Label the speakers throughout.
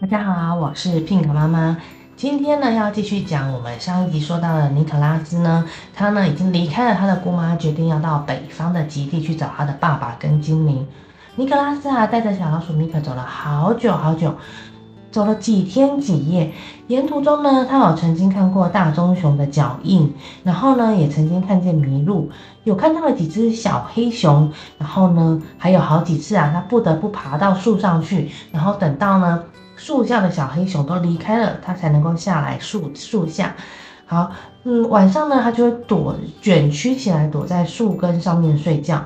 Speaker 1: 大家好，我是 Pink 媽媽。今天呢，要繼續講我們上一集說到的尼可拉斯呢，他呢已經離開了他的姑媽，決定要到北方的極地去找他的爸爸跟精靈。尼可拉斯啊，帶着小老鼠尼克走了好久好久，走了幾天幾夜。沿途中呢，他有曾經看過大棕熊的腳印，然後呢，也曾經看見麋鹿，有看到了幾隻小黑熊，然後呢，還有好幾次啊，他不得不爬到樹上去，然後等到呢。樹下的小黑熊都離開了，它才能夠下來樹樹下。好，嗯，晚上呢，它就會躲卷曲起來，躲在樹根上面睡覺。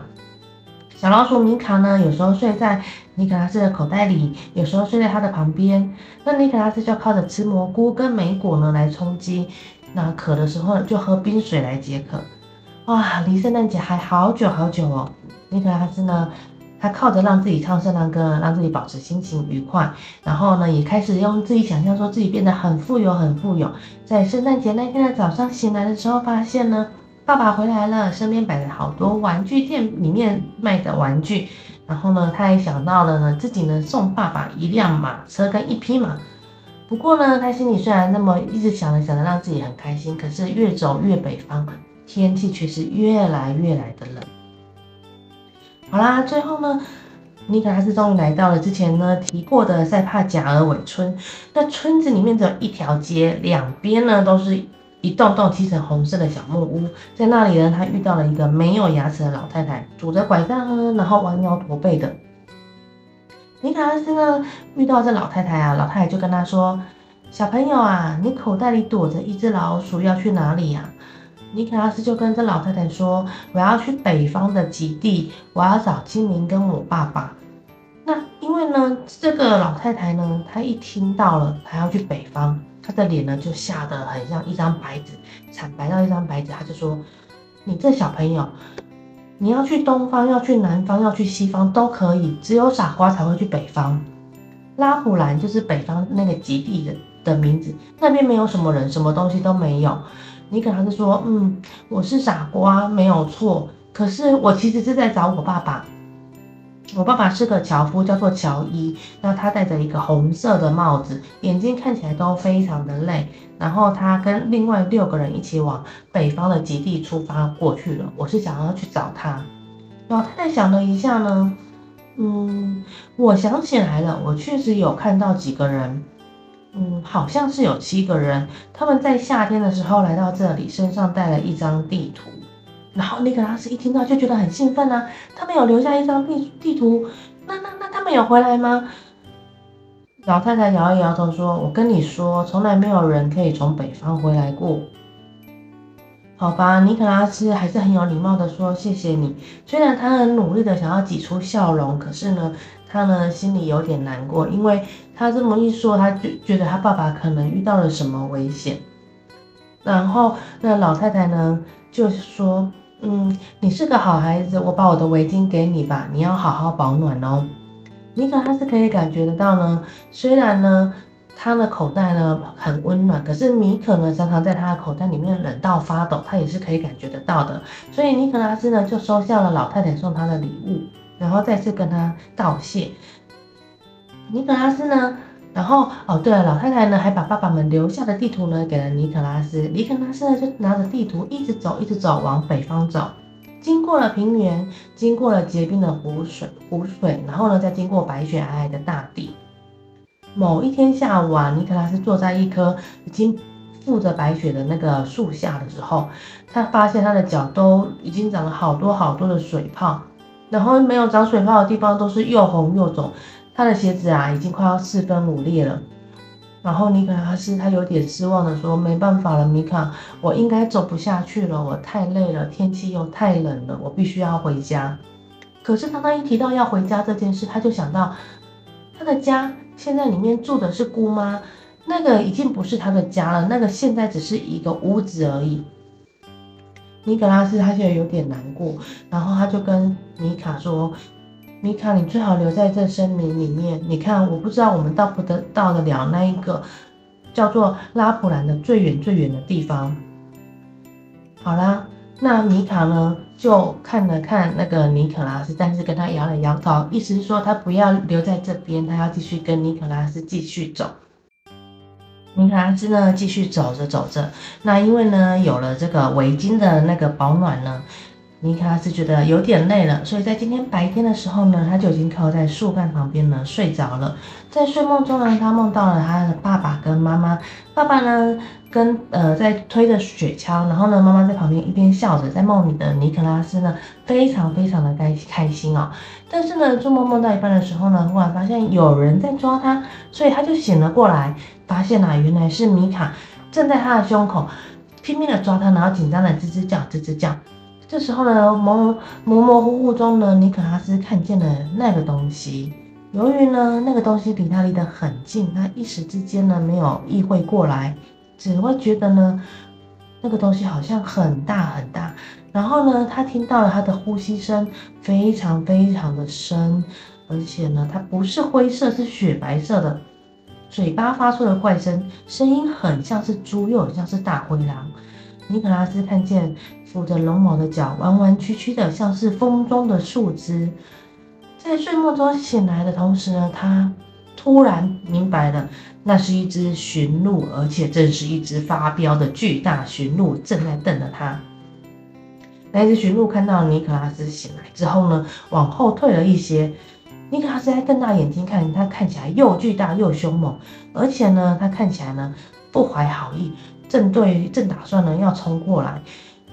Speaker 1: 小老鼠米卡呢，有時候睡在尼可拉斯的口袋裡，有時候睡在他的旁邊。那尼可拉斯就要靠着吃蘑菇跟莓果呢來充飢，那渴的時候就喝冰水來解渴。哇，離聖誕節還好久好久哦，尼可拉斯呢？他靠着讓自己唱聖誕歌，讓自己保持心情愉快，然後呢，也開始用自己想象說自己變得很富有，很富有。在聖誕節那天的早上醒來的時候，發現呢，爸爸回來了，身邊擺着好多玩具店裡面賣的玩具。然後呢，他也想到了呢，自己能送爸爸一輛馬車跟一匹馬。不過呢，他心裡雖然那麼一直想着想着，讓自己很開心，可是越走越北方，天氣卻是越來越來的冷。好啦，最後呢，尼可拉斯終於來到了之前呢提過的塞帕賈爾韋村。那村子裡面只有一條街，兩邊呢都是一棟棟漆成紅色的小木屋。在那裡呢，他遇到了一個沒有牙齒的老太太，拄着拐杖，然後彎腰駝背的。尼可拉斯呢遇到這老太太啊，老太太就跟他說：“小朋友啊，你口袋裡躲着一隻老鼠，要去哪裡呀、啊？”尼可拉斯就跟這老太太說：“我要去北方的極地，我要找精靈跟我爸爸。”那因為呢，這個老太太呢，她一聽到了，她要去北方，她的臉呢就嚇得很像一張白紙，慘白到一張白紙。她就說：“你這小朋友，你要去東方，要去南方，要去西方都可以，只有傻瓜才會去北方。拉普蘭就是北方那個極地的的名字，那邊沒有什麼人，什麼東西都沒有。”你可能是說，嗯，我是傻瓜，沒有錯。可是我其實是在找我爸爸，我爸爸是個樵夫，叫做喬伊。那他戴着一個紅色的帽子，眼睛看起來都非常的累。然後他跟另外六個人一起往北方的極地出發過去了。我是想要去找他。老太太想了一下呢，嗯，我想起來了，我確實有看到幾個人。嗯，好像是有七個人，他們在夏天的時候來到這裡，身上帶了一張地圖。然後尼可拉斯一聽到就覺得很興奮啊，他們有留下一張地地圖，那那那他們有回來嗎？老太太搖一搖頭說：“我跟你說，從來沒有人可以從北方回來過。”好吧，尼可拉斯還是很有禮貌的說：“謝謝你。”雖然他很努力的想要擠出笑容，可是呢。他呢，心裡有點難過，因為他這麼一說，他就覺得他爸爸可能遇到了什麼危險。然後那老太太呢，就說：“嗯，你是個好孩子，我把我的圍巾給你吧，你要好好保暖哦。”尼可拉斯可以感覺得到呢，雖然呢，他的口袋呢很溫暖，可是米可呢常常在他的口袋裡面冷到發抖，他也是可以感覺得到的。所以尼可拉斯呢就收下了老太太送他的禮物。然後再次跟他道謝。尼可拉斯呢，然後哦，對了，老太太呢還把爸爸們留下的地圖呢給了尼可拉斯。尼可拉斯呢就拿着地圖一直走，一直走，往北方走。經過了平原，經過了結冰的湖水，湖水，然後呢再經過白雪皚皚的大地。某一天下午啊，尼可拉斯坐在一棵已經覆着白雪的那個樹下的時候，他發現他的腳都已經長了好多好多的水泡。然後沒有長水泡的地方都是又紅又腫，他的鞋子啊已經快要四分五裂了。然後尼可拉斯他有點失望的說：“沒辦法了，米卡，我應該走不下去了，我太累了，天氣又太冷了，我必須要回家。”可是當他一提到要回家這件事，他就想到他的家現在裡面住的是姑媽，那個已經不是他的家了，那個現在只是一個屋子而已。尼可拉斯他覺得有點難過，然後他就跟米卡說：“米卡，你最好留在這森林裡面。你看，我不知道我們到不得到得了那一個叫做拉普蘭的最遠最遠的地方。”好啦，那米卡呢就看了看那個尼可拉斯，但是跟他搖了搖頭，意思是說他不要留在這邊，他要繼續跟尼可拉斯繼續走。尼可拉斯呢，繼續走着走着，那因為呢，有了這個圍巾的那個保暖呢。尼可拉斯覺得有點累了，所以在今天白天的時候呢，他就已經靠在樹幹旁邊呢睡着了。在睡夢中呢，他夢到了他的爸爸跟媽媽，爸爸呢跟呃在推着雪橇，然後呢媽媽在旁邊一邊笑着。在夢裡的尼可拉斯呢，非常非常的開開心哦。但是呢，做夢夢到一半的時候呢，忽然發現有人在抓他，所以他就醒了過來，發現啊，原來是米卡正在他的胸口拼命的抓他，然後緊張的吱吱叫，吱吱叫。這時候呢，模模模糊糊中呢，尼可拉斯看見了那個東西。由於呢，那個東西離他離得很近，他一時之間呢沒有意會過來，只會覺得呢，那個東西好像很大很大。然後呢，他聽到了他的呼吸聲，非常非常的深，而且呢，它不是灰色，是雪白色的，嘴巴發出了怪聲，聲音很像是豬，又很像是大灰狼。尼可拉斯看見扶着龍某的腳彎彎曲曲的，像是風中的樹枝。在睡夢中醒來的同時呢，他突然明白了，那是一隻馴鹿，而且正是一隻發飆的巨大馴鹿，正在瞪着他。那只馴鹿看到尼可拉斯醒來之後呢，往後退了一些。尼可拉斯還瞪大眼睛看它，看起來又巨大又兇猛，而且呢，它看起來呢不懷好意。正對正打算呢，要衝過來，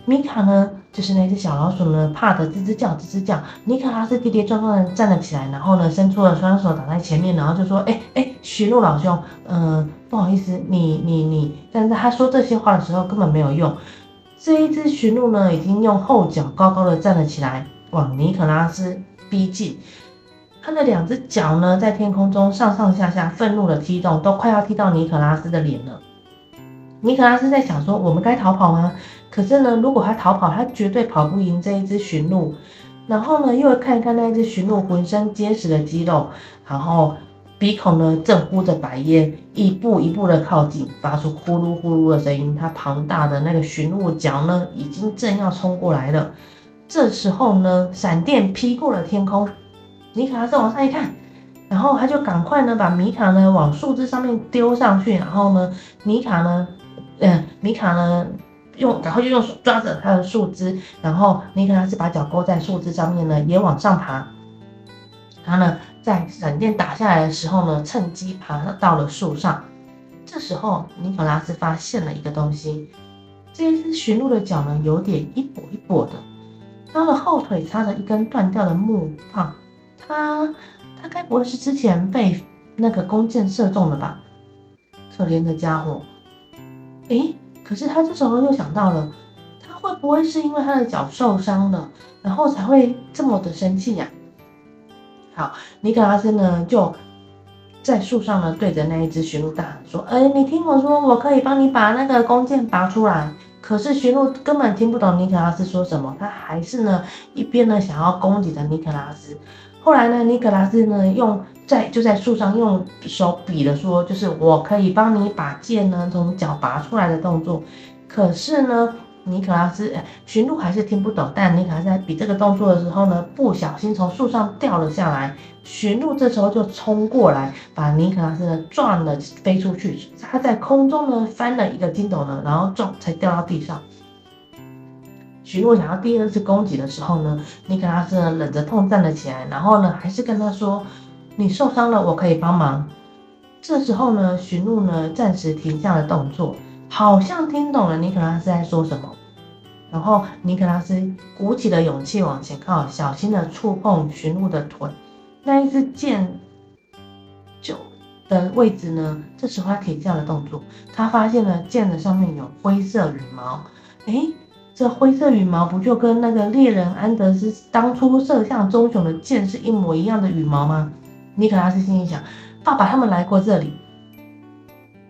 Speaker 1: 米卡呢，就是那只小老鼠呢，怕得吱吱叫，吱吱叫。尼可拉斯跌跌撞撞的站了起來，然後呢，伸出了雙手擋在前面，然後就說：“哎、欸、哎，馴鹿老兄，嗯、呃，不好意思，你你你。你”但是他說這些話的時候根本沒有用。這一只馴鹿呢，已經用後腳高高的站了起來，往尼可拉斯逼近，他的兩只腳呢，在天空中上上下下憤怒的踢動，都快要踢到尼可拉斯的臉了。尼可拉斯在想說：“我們該逃跑嗎？”可是呢，如果他逃跑，他絕對跑不贏這一只馴鹿。然後呢，又一看一看那一只馴鹿，渾身結實的肌肉，然後鼻孔呢正呼着白煙，一步一步的靠近，發出呼嚕呼嚕的聲音。它龐大的那個馴鹿腳呢，已經正要衝過來了。這時候呢，閃電劈過了天空，尼可拉斯往上一看，然後他就趕快呢把米卡呢往樹枝上面丟上去，然後呢，尼卡呢。嗯，尼卡呢，用，然後就用手抓着它的樹枝，然後尼可拉斯把腳勾在樹枝上面呢，也往上爬。他呢，在閃電打下來的時候呢，趁機爬到了樹上。這時候，尼可拉斯發現了一個東西，這一隻馴鹿的腳呢，有點一跛一跛的，它的後腿插着一根斷掉的木棒，它、啊，它該不會是之前被那個弓箭射中了吧？可憐的家伙。哎，可是他這時候又想到了，他會不會是因為他的腳受傷了，然後才會這麼的生氣呀？好，尼可拉斯呢就在樹上呢，對着那一隻馴鹿大喊說：“哎，你聽我說，我可以幫你把那個弓箭拔出來。”可是馴鹿根本聽不懂尼可拉斯說什麼，他還是呢一邊呢想要攻擊着尼可拉斯。後來呢，尼可拉斯呢，用在就在樹上用手比的說，就是我可以幫你把劍呢從腳拔出來的動作。可是呢，尼可拉斯，誒，馴鹿還是聽不懂。但尼可拉斯在比這個動作的時候呢，不小心從樹上掉了下來。馴鹿這時候就衝過來，把尼可拉斯呢撞了，飛出去。他在空中呢翻了一個筋斗呢，然後撞才掉到地上。馴鹿想要第二次攻擊的時候呢，尼可拉斯呢忍着痛站了起來，然後呢，還是跟他說：“你受傷了，我可以幫忙。”這時候呢，馴鹿呢暫時停下了動作，好像聽懂了尼可拉斯在說什麼。然後尼可拉斯鼓起了勇氣往前靠，小心的觸碰馴鹿的腿。那一隻箭就的位置呢？這時候他停下了動作，他發現了箭的上面有灰色羽毛。誒、欸。這灰色羽毛不就跟那個獵人安德斯當初射向棕熊的箭是一模一樣的羽毛嗎？尼可拉斯心裡想，爸爸他們來過這裡。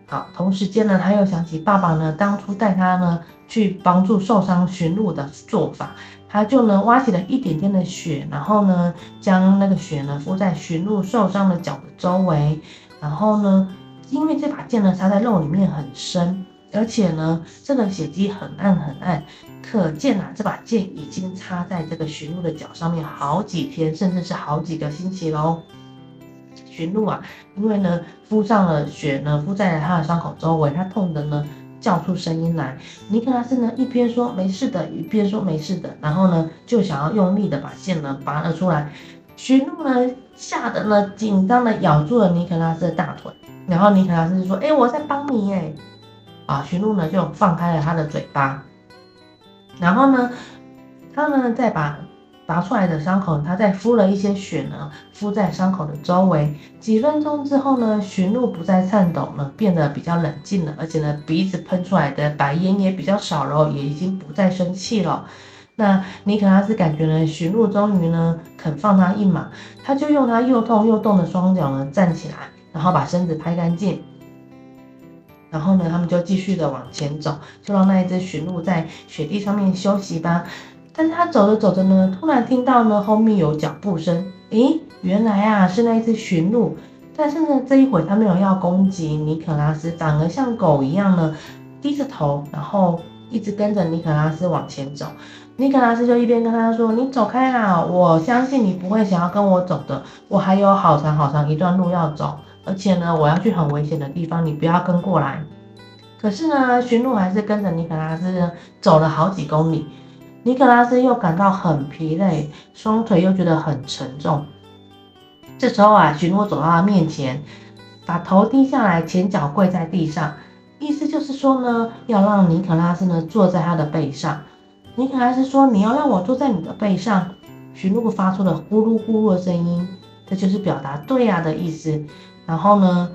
Speaker 1: 好，同時間呢，他又想起爸爸呢當初帶他呢去幫助受傷馴鹿的做法。他就呢挖起了一點點的雪，然後呢將那個雪呢敷在馴鹿受傷的腳的周圍。然後呢，因為這把箭呢插在肉裡面很深，而且呢，這個血跡很暗很暗，可見啊，這把劍已經插在這個馴鹿的腳上面好幾天，甚至是好幾個星期嘍。馴鹿啊，因為呢，敷上了血呢，敷在了它的傷口周圍，它痛得呢，叫出聲音來。尼可拉斯呢，一邊說沒事的，一邊說沒事的，然後呢，就想要用力的把劍呢拔了出來。馴鹿呢，嚇得呢，緊張的咬住了尼可拉斯的大腿，然後尼可拉斯就說：“哎、欸，我在幫你哎、欸。”啊，馴鹿呢就放開了它的嘴巴，然後呢，它呢再把拔出來的傷口，它再敷了一些血呢，敷在傷口的周圍。幾分鐘之後呢，馴鹿不再顫抖了，變得比較冷靜了，而且呢，鼻子噴出來的白煙也比較少了哦，也已經不再生氣了哦。那尼可拉斯感覺呢，馴鹿終於呢肯放他一馬，他就用他又痛又凍的雙腳呢站起來，然後把身子拍乾淨。然後呢，他們就繼續的往前走，就讓那一只馴鹿在雪地上面休息吧。但他走着走着呢，突然聽到呢後面有腳步聲，誒，原來啊是那一只馴鹿。但是呢這一回它沒有要攻擊尼可拉斯，長得像狗一樣呢低着頭，然後一直跟着尼可拉斯往前走。尼可拉斯就一邊跟他說：“你走開啦，我相信你不會想要跟我走的，我還有好長好長一段路要走。”而且呢，我要去很危險的地方，你不要跟過來。可是呢，馴鹿還是跟着尼可拉斯走了好幾公里。尼可拉斯又感到很疲累，雙腿又覺得很沉重。這時候啊，馴鹿走到他面前，把頭低下來，前腳跪在地上，意思就是說呢，要讓尼可拉斯呢坐在他的背上。尼可拉斯說：“你要讓我坐在你的背上。”馴鹿發出了呼嚕呼嚕的聲音，這就是表達“對啊”的意思。然後呢，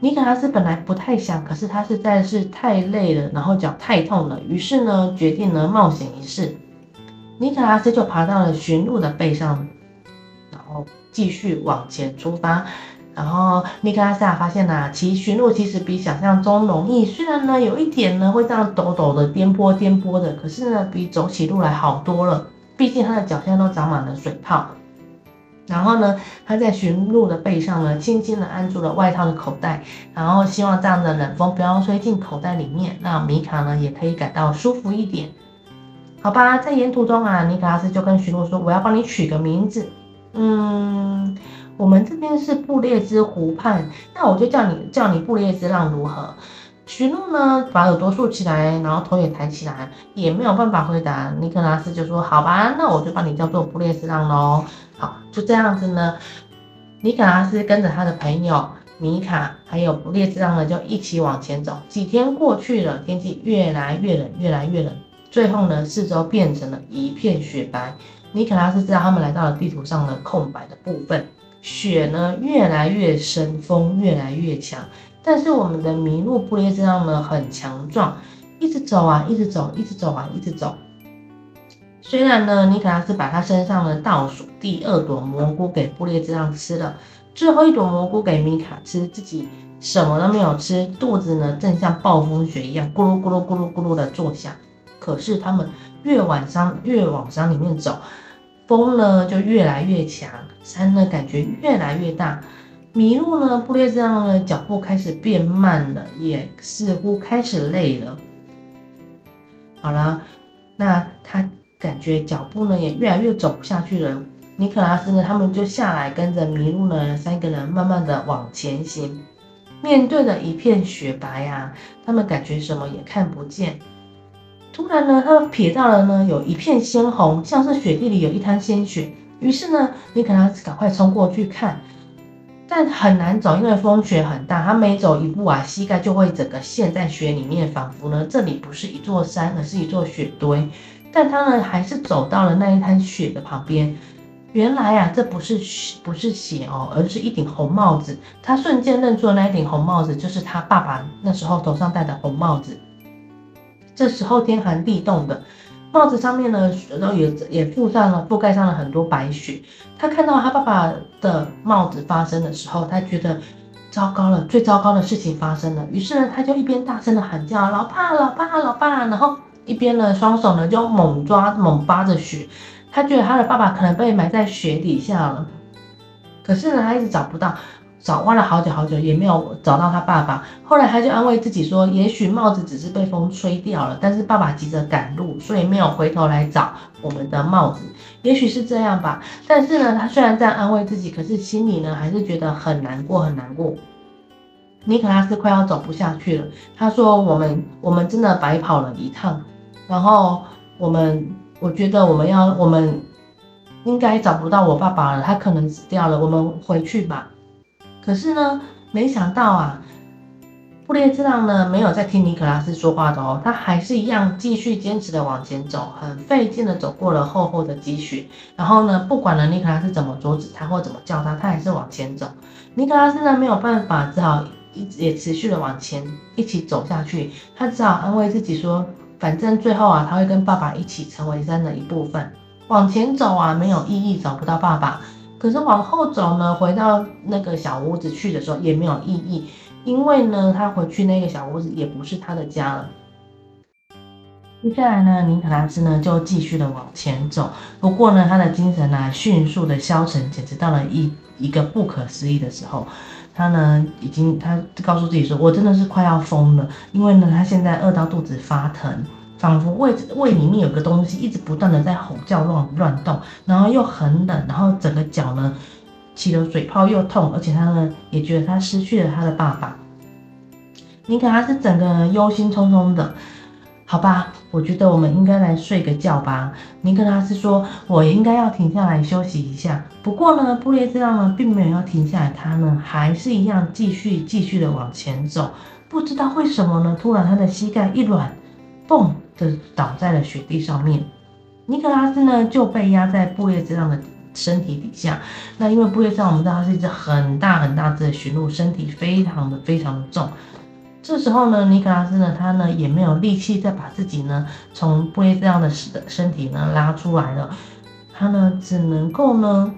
Speaker 1: 尼可拉斯本來不太想，可是他實在是太累了，然後腳太痛了，於是呢，決定呢冒險一試。尼可拉斯就爬到了馴鹿的背上，然後繼續往前出發。然後尼可拉斯、啊、發現啊，騎馴鹿其實比想象中容易，雖然呢，有一點呢會這樣抖抖的顛簸顛簸的，可是呢，比走起路來好多了。畢竟他的腳下都長滿了水泡。然後呢，他在馴鹿的背上呢，輕輕地按住了外套的口袋，然後希望這樣的冷風不要吹進口袋裡面，讓米卡呢也可以感到舒服一點。好吧，在沿途中啊，尼可拉斯就跟馴鹿說：“我要幫你取個名字。嗯，我們這邊是布列茲湖畔，那我就叫你叫你布列茲浪如何？”馴鹿呢，把耳朵豎起來，然後頭也抬起來，也沒有辦法回答。尼可拉斯就說：“好吧，那我就把你叫做不列斯浪嘍。”好，就這樣子呢。尼可拉斯跟着他的朋友米卡，還有不列斯浪呢，就一起往前走。幾天過去了，天氣越來越冷，越來越冷。最後呢，四周變成了一片雪白。尼可拉斯知道他們來到了地圖上的空白的部分。雪呢，越來越深，風越來越強。但是我們的麋鹿布列茲讓呢，很強壯，一直走啊，一直走，一直走啊，一直走。雖然呢，尼可拉斯把他身上的倒數第二朵蘑菇給布列茲讓吃了，最後一朵蘑菇給米卡吃，自己什麼都沒有吃，肚子呢正像暴風雪一樣咕嚕咕嚕咕嚕咕嚕咕嚕的作響。可是他們越往山越往山裡面走，風呢就越來越強，山呢感覺越來越大。麋鹿呢，步履這樣的腳步開始變慢了，也似乎開始累了。好了，那他感覺腳步呢也越來越走不下去了。尼可拉斯呢，他們就下來跟着麋鹿呢，三個人慢慢的往前行。面對著一片雪白呀，他們感覺什麼也看不見。突然呢，他們瞥到了呢有一片鮮紅，像是雪地裡有一灘鮮血。於是呢，尼可拉斯趕快衝過去看。但很難走，因為風雪很大。他每走一步啊，膝蓋就會整個陷在雪裡面，仿佛呢，這裡不是一座山，而是一座雪堆。但他呢，還是走到了那一灘雪的旁邊。原來啊，這不是不是雪哦，而是一頂紅帽子。他瞬間認出的那一頂紅帽子就是他爸爸那時候頭上戴的紅帽子。這時候天寒地凍的。帽子上面呢，也也覆上了覆蓋上了很多白雪。他看到他爸爸的帽子發生的時候，他覺得糟糕了，最糟糕的事情發生了。於是呢，他就一邊大聲的喊叫“老爸，老爸，老爸”，然後一邊呢雙手呢就猛抓猛扒着雪。他覺得他的爸爸可能被埋在雪底下了，可是呢，他一直找不到。找挖了好久好久，也沒有找到他爸爸。後來他就安慰自己說：“也許帽子只是被風吹掉了，但是爸爸急着趕路，所以沒有回頭來找我們的帽子。也許是這樣吧。”但是呢，他雖然在安慰自己，可是心裡呢還是覺得很難過，很難過。尼可拉斯快要走不下去了。他說：“我們我們真的白跑了一趟。然後我們我覺得我們要我們應該找不到我爸爸了，他可能死掉了。我們回去吧。”可是呢，沒想到啊，布列茲朗呢沒有在聽尼可拉斯說話的哦，他還是一樣繼續堅持的往前走，很費勁的走過了厚厚的積雪。然後呢，不管呢尼可拉斯怎麼阻止他或怎麼叫他，他還是往前走。尼可拉斯呢沒有辦法，只好一直也持續的往前一起走下去。他只好安慰自己說，反正最後啊，他會跟爸爸一起成為山的一部分。往前走啊沒有意義，找不到爸爸。可是往後走呢，回到那個小屋子去的時候也沒有意義，因為呢，他回去那個小屋子也不是他的家了。接下來呢，尼可拉斯呢就繼續的往前走，不過呢，他的精神呢迅速的消沉，簡直到了一一個不可思議的時候。他呢已經他告訴自己說，我真的是快要瘋了，因為呢，他現在餓到肚子發疼。仿佛胃胃裡面有個東西一直不斷的在吼叫亂亂動，然後又很冷，然後整個腳呢起了水泡又痛，而且他呢也覺得他失去了他的爸爸。尼可拉斯整個憂心忡忡的，好吧，我覺得我們應該來睡個覺吧。尼可拉斯說：“我應該要停下來休息一下。”不過呢，布列茲呢並沒有要停下來，他呢還是一樣繼續繼續的往前走。不知道為什麼呢，突然他的膝蓋一軟，嘣！就倒在了雪地上面，尼可拉斯呢就被壓在布列茲樣的身體底下。那因為布列茲樣，我們知道它是一隻很大很大只的馴鹿，身體非常的非常的重。這時候呢，尼可拉斯呢，他呢也沒有力氣再把自己呢從布列茲樣的身身體呢拉出來了，他呢只能夠呢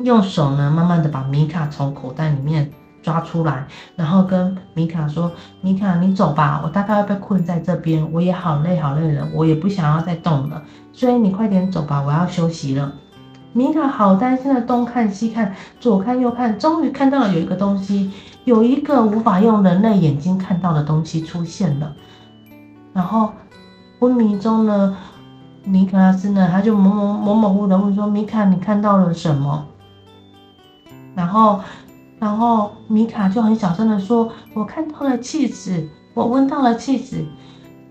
Speaker 1: 用手呢慢慢的把米卡從口袋裡面。抓出來，然後跟米卡說：“米卡，你走吧，我大概會被困在這邊。我也好累，好累了，我也不想要再動了。所以你快點走吧，我要休息了。”米卡好擔心的東看西看，左看右看，終於看到了有一個東西，有一個無法用人類眼睛看到的東西出現了。然後昏迷中呢，尼可拉斯呢，他就模模模模糊糊的問，問說：“米卡，你看到了什麼？”然後。然後米卡就很小聲的說：“我看到了起司，我聞到了起司。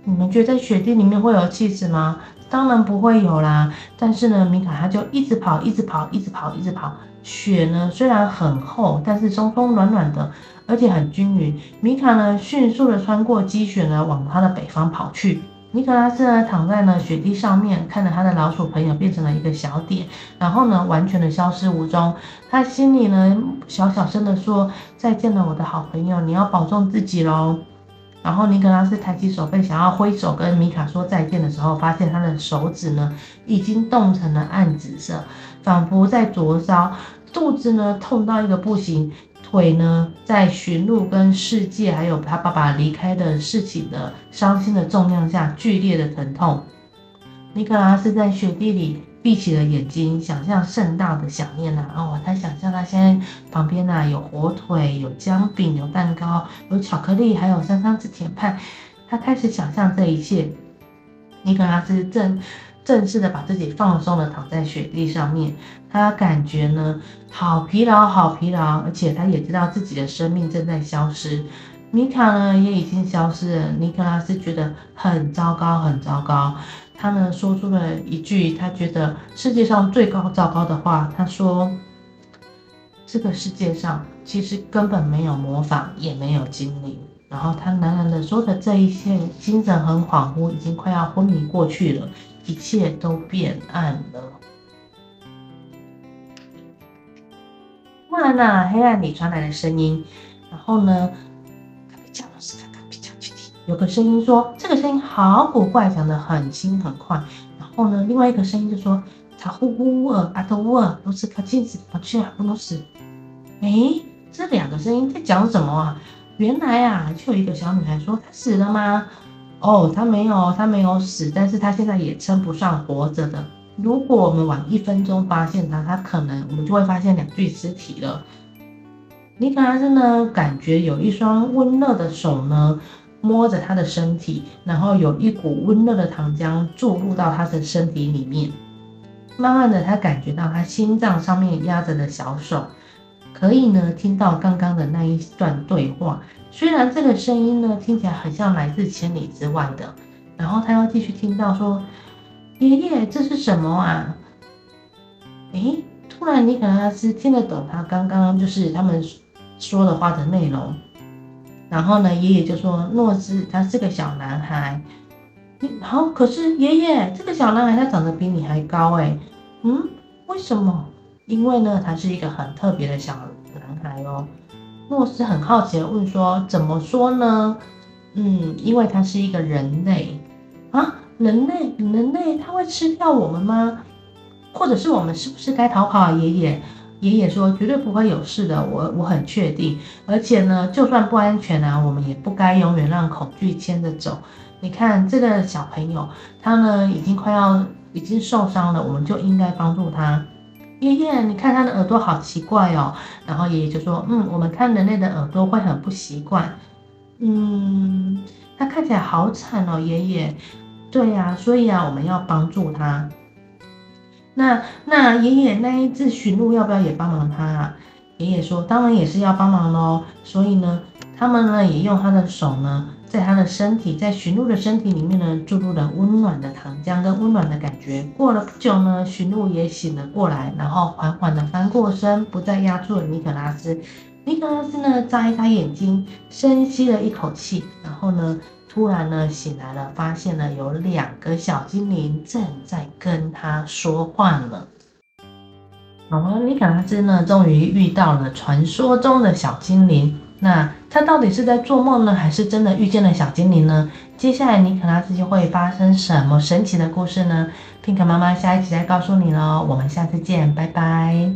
Speaker 1: 你們覺得在雪地裡面會有起司嗎？當然不會有啦。但是呢，米卡他就一直跑，一直跑，一直跑，一直跑。雪呢雖然很厚，但是鬆鬆軟軟的，而且很均勻。米卡呢迅速的穿過積雪呢，往他的北方跑去。”尼可拉斯呢躺在了雪地上面，看着他的老鼠朋友變成了一個小點，然後呢，完全的消失無蹤。他心裡呢，小小聲的說：“再見了，我的好朋友，你要保重自己嘍。”然後尼可拉斯抬起手背，想要揮手跟米卡說再見的時候，發現他的手指呢，已經凍成了暗紫色，仿佛在灼燒，肚子呢，痛到一個不行。腿呢，在馴鹿跟世界，還有他爸爸離開的事情的傷心的重量下，劇烈的疼痛。尼可拉斯在雪地裡閉起了眼睛，想象聖誕的想念呢、啊。哦，他想象他現在旁邊呢、啊、有火腿、有薑餅、有蛋糕、有巧克力，還有香腸、芝士甜派。他開始想象這一切。尼可拉斯正。正式的把自己放鬆的躺在雪地上面，他感覺呢好疲勞，好疲勞，而且他也知道自己的生命正在消失。米卡呢也已經消失了，尼克拉斯覺得很糟糕，很糟糕。他呢說出了一句他覺得世界上最高糟糕的話，他說：“這個世界上其實根本沒有魔法，也沒有精靈。”然後他喃喃的說着這一線，精神很恍惚，已經快要昏迷過去了。一切都變暗了。慢啊，黑暗裡傳來的聲音。然後呢，給賈老師看比較具體。有個聲音說，這個聲音好古怪，講的很輕很快。然後呢，另外一個聲音就說，他呼呼呼爾阿特呼爾，羅斯看鏡子，我居然不能死。誒，這兩個聲音在講什麼啊？原來啊，就有一個小女孩說，他死了嗎？哦，他沒有，他沒有死，但是他現在也稱不上活着的。如果我們晚一分鐘發現他，他可能我們就會發現兩具屍體了。尼可拉斯呢，感覺有一雙溫熱的手呢，摸着他的身體，然後有一股溫熱的糖漿注入到他的身體裡面。慢慢的，他感覺到他心臟上面壓着的小手，可以呢聽到剛剛的那一段對話。雖然這個聲音呢聽起來很像來自千里之外的。然後他又繼續聽到說，爺爺這是什麼啊？哎、欸，突然尼可拉斯聽得懂他剛剛就是他們說的話的內容，然後呢，爺爺就說諾茲，他是個小男孩。你好。可是爺爺，這個小男孩他長得比你還高哎、欸，嗯，為什麼？因為呢他是一個很特別的小男孩哦、喔。諾斯很好奇的問說：“怎麼說呢？嗯，因為他是一個人類。啊，人類，人類，他會吃掉我們嗎？或者是我們是不是該逃跑啊？爺爺，爺爺說絕對不會有事的，我我很確定。而且呢，就算不安全啊，我們也不該永遠讓恐懼牽着走。你看這個小朋友，他呢已經快要已經受傷了，我們就應該幫助他。”爺爺，你看他的耳朵好奇怪哦。然後爺爺就說：“嗯，我們看人類的耳朵會很不習慣。嗯，他看起來好慘哦，爺爺。對呀、啊，所以啊，我們要幫助他。那那爺爺那一隻馴鹿要不要也幫忙他啊？爺爺說：當然也是要幫忙嘍。所以呢，他們呢也用他的手呢。”在他的身體，在馴鹿的身體裡面呢，注入了溫暖的糖漿跟溫暖的感覺。過了不久呢，馴鹿也醒了過來，然後緩緩地翻過身，不再壓住了尼可拉斯。尼可拉斯呢，眨一眨眼睛，深吸了一口氣，然後呢，突然呢，醒來了，發現了有兩個小精靈正在跟他說話了。好、哦、了，尼可拉斯呢，終於遇到了傳說中的小精靈。那他到底是在做夢呢，還是真的遇見了小精靈呢？接下來尼可拉斯就會發生什麼神奇的故事呢？pink 媽媽下一期再告訴你嘍，我們下次見，拜拜。